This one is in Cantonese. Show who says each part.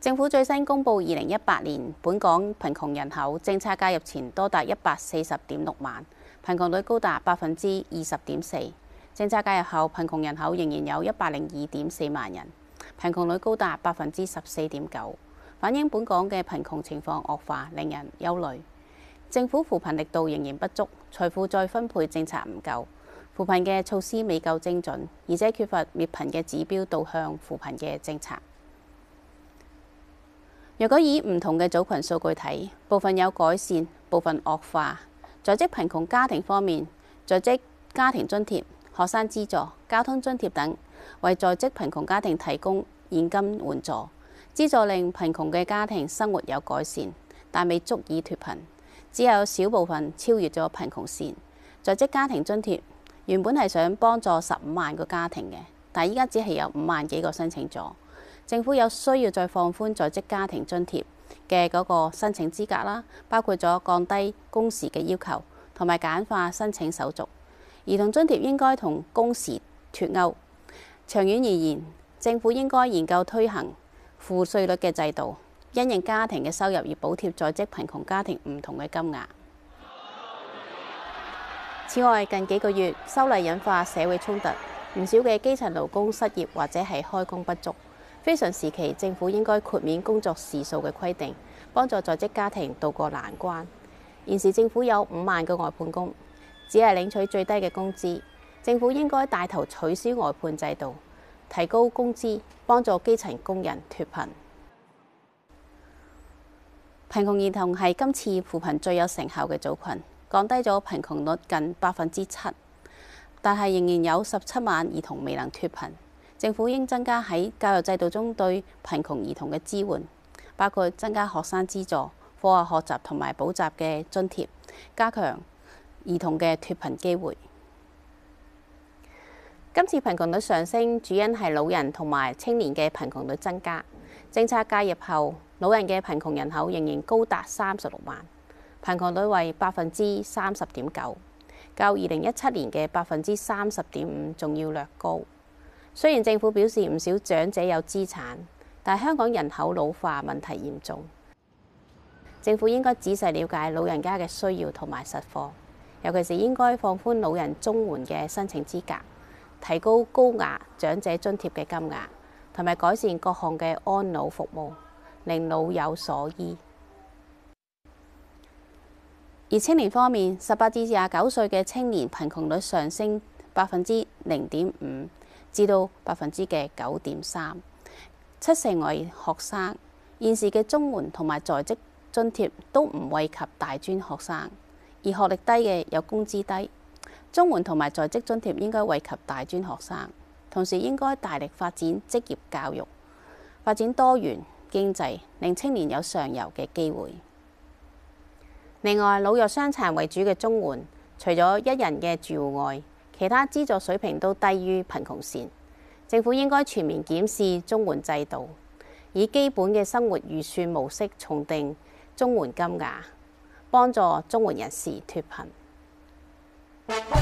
Speaker 1: 政府最新公布，二零一八年本港貧窮人口政策介入前多達一百四十點六萬，貧窮率高達百分之二十點四。政策介入後，貧窮人口仍然有一百零二點四萬人，貧窮率高達百分之十四點九，反映本港嘅貧窮情況惡化，令人憂慮。政府扶貧力度仍然不足，財富再分配政策唔夠，扶貧嘅措施未夠精準，而且缺乏滅貧嘅指標導向扶貧嘅政策。如果以唔同嘅組群數據睇，部分有改善，部分惡化。在職貧窮家庭方面，在職家庭津貼、學生資助、交通津貼等，為在職貧窮家庭提供現金援助，資助令貧窮嘅家庭生活有改善，但未足以脫貧，只有少部分超越咗貧窮線。在職家庭津貼原本係想幫助十五萬個家庭嘅，但依家只係有五萬幾個申請咗。政府有需要再放寬在職家庭津貼嘅嗰個申請資格啦，包括咗降低工時嘅要求，同埋簡化申請手續。兒童津貼應該同工時脫鈎。長遠而言，政府應該研究推行負稅率嘅制度，因應家庭嘅收入而補貼在職貧窮家庭唔同嘅金額。此外，近幾個月修例引發社會衝突，唔少嘅基層勞工失業或者係開工不足。非常時期，政府應該豁免工作時數嘅規定，幫助在職家庭渡過難關。現時政府有五萬個外判工，只係領取最低嘅工資。政府應該帶頭取消外判制度，提高工資，幫助基層工人脫貧。貧窮兒童係今次扶貧最有成效嘅組群，降低咗貧窮率近百分之七，但係仍然有十七萬兒童未能脫貧。政府應增加喺教育制度中對貧窮兒童嘅支援，包括增加學生資助、課外學習同埋補習嘅津貼，加強兒童嘅脫貧機會。今次貧窮率上升，主因係老人同埋青年嘅貧窮率增加。政策介入後，老人嘅貧窮人口仍然高達三十六萬，貧窮率為百分之三十點九，較二零一七年嘅百分之三十點五，仲要略高。雖然政府表示唔少長者有資產，但香港人口老化問題嚴重，政府應該仔細了解老人家嘅需要同埋實況，尤其是應該放寬老人綜援嘅申請資格，提高高額長者津貼嘅金額，同埋改善各項嘅安老服務，令老有所依。而青年方面，十八至廿九歲嘅青年貧窮率上升百分之零點五。至到百分之嘅九點三，七成為學生。現時嘅綜援同埋在職津貼都唔惠及大專學生，而學歷低嘅有工資低。綜援同埋在職津貼應該惠及大專學生，同時應該大力發展職業教育，發展多元經濟，令青年有上游嘅機會。另外，老弱傷殘為主嘅綜援，除咗一人嘅住戶外，其他資助水平都低於貧窮線，政府應該全面檢視綜援制度，以基本嘅生活預算模式重定綜援金額，幫助綜援人士脫貧。